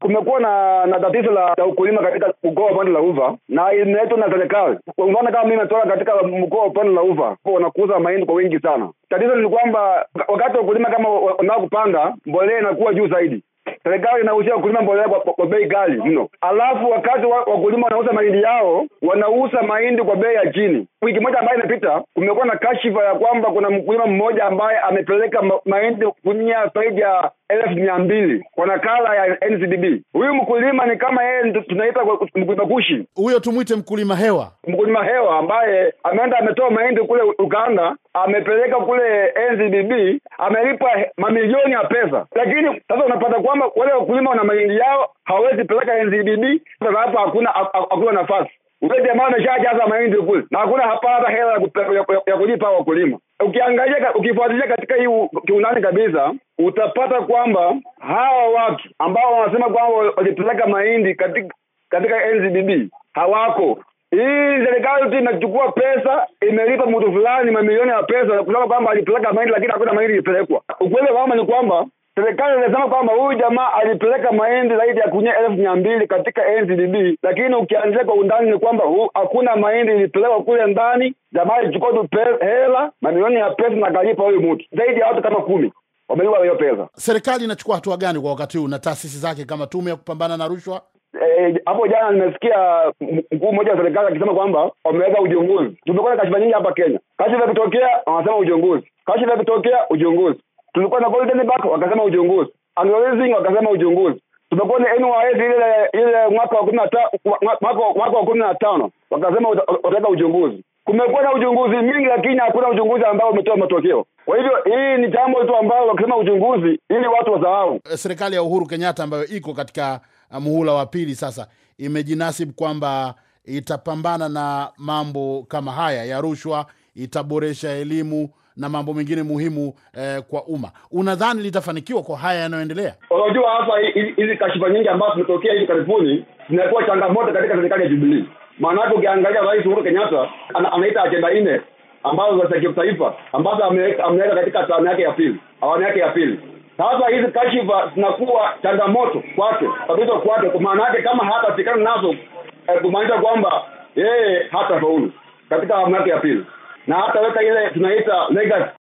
Kumekuwa na na tatizo la ukulima katika mkoa wa la Uva na imeletwa na serikali. Kwa mfano kama mimi natoka katika mkoa wa la Uva, wanakuuza mahindi kwa wingi sana. Tatizo ni kwamba wakati wa kulima kama wanaokupanda mbolea inakuwa juu zaidi serikali inauzia wakulima mbolea kwa, kwa bei ghali mno, alafu wakati wa, wakulima wanauza mahindi yao wanauza mahindi kwa bei ya chini. Wiki moja ambayo inapita, kumekuwa na kashifa ya kwamba kuna mkulima mmoja ambaye amepeleka mahindi kunia zaidi ya elfu mia mbili kwa nakala ya NCDB. Huyu mkulima ni kama yeye tunaita mkulima kushi, huyo tumwite mkulima hewa, mkulima hewa ambaye ameenda ametoa mahindi kule Uganda, amepeleka kule NCDB, amelipa mamilioni ya pesa, lakini sasa unapata kwamba wale wakulima wana mahindi yao hawezi peleka NCDB. Sasa hapa hakuna hakuna nafasi ule jamaa ameshajaza mahindi kule na hakuna hapa hata hela ya kulipa wakulima. Ukiangalia, ukifuatilia katika hii kiundani kabisa, utapata kwamba hawa watu ambao wanasema kwamba walipeleka mahindi katika, NZBB hawako. Hii serikali tu inachukua pesa, imelipa mtu fulani mamilioni ya pesa kusema kwamba alipeleka mahindi, lakini hakuna mahindi ilipelekwa. Ukweli kwamba ni kwamba serikali inasema kwamba huyu jamaa alipeleka mahindi zaidi ya kunia elfu mia mbili katika NCDB, lakini ukianzia kwa undani ni kwamba hakuna mahindi ilipelekwa kule ndani. Jamaa alichukua tu hela, mamilioni ya pesa na kalipa huyu mtu zaidi ya watu kama kumi wameiba hiyo pesa. Serikali inachukua hatua gani kwa wakati huu na taasisi zake kama tume ya kupambana na rushwa? Eh, hapo e, jana nimesikia mkuu mmoja wa serikali akisema kwamba wameweka uchunguzi. Tumekuwa na kashifa nyingi hapa Kenya, kashifa kutokea wanasema uchunguzi, kashifa kutokea uchunguzi. Tulikuwa na Golden wakasema uchunguzi, anglo wakasema uchunguzi. Tumekuwa na NYS ile ile mwaka wa kumi na tano wakasema wataweka uchunguzi kumekuwa na uchunguzi mingi, lakini hakuna uchunguzi ambao umetoa matokeo. Kwa hivyo hii ni jambo tu ambalo wakisema uchunguzi ili watu wasahau. Eh, serikali ya Uhuru Kenyatta ambayo iko katika eh, muhula wa pili sasa imejinasibu kwamba itapambana na mambo kama haya ya rushwa, itaboresha elimu na mambo mengine muhimu eh, kwa umma. Unadhani litafanikiwa kwa haya yanayoendelea? Unajua, hasa hizi kashifa nyingi ambazo zimetokea hivi karibuni zinakuwa changamoto katika serikali ya jubilii Maanake ukiangalia Rais Uhuru Kenyatta ana, anaita ajenda nne ambazo za kitaifa ambazo ameweka katika awamu yake ya pili, awamu yake ya pili. Sasa hizi kashifa zinakuwa changamoto kwake, kabisa kwake, kwa maana yake kama hatafikana nazo eh, kumaanisha kwamba yeye faulu katika awamu yake ya pili, na hataweka ile tunaita legacy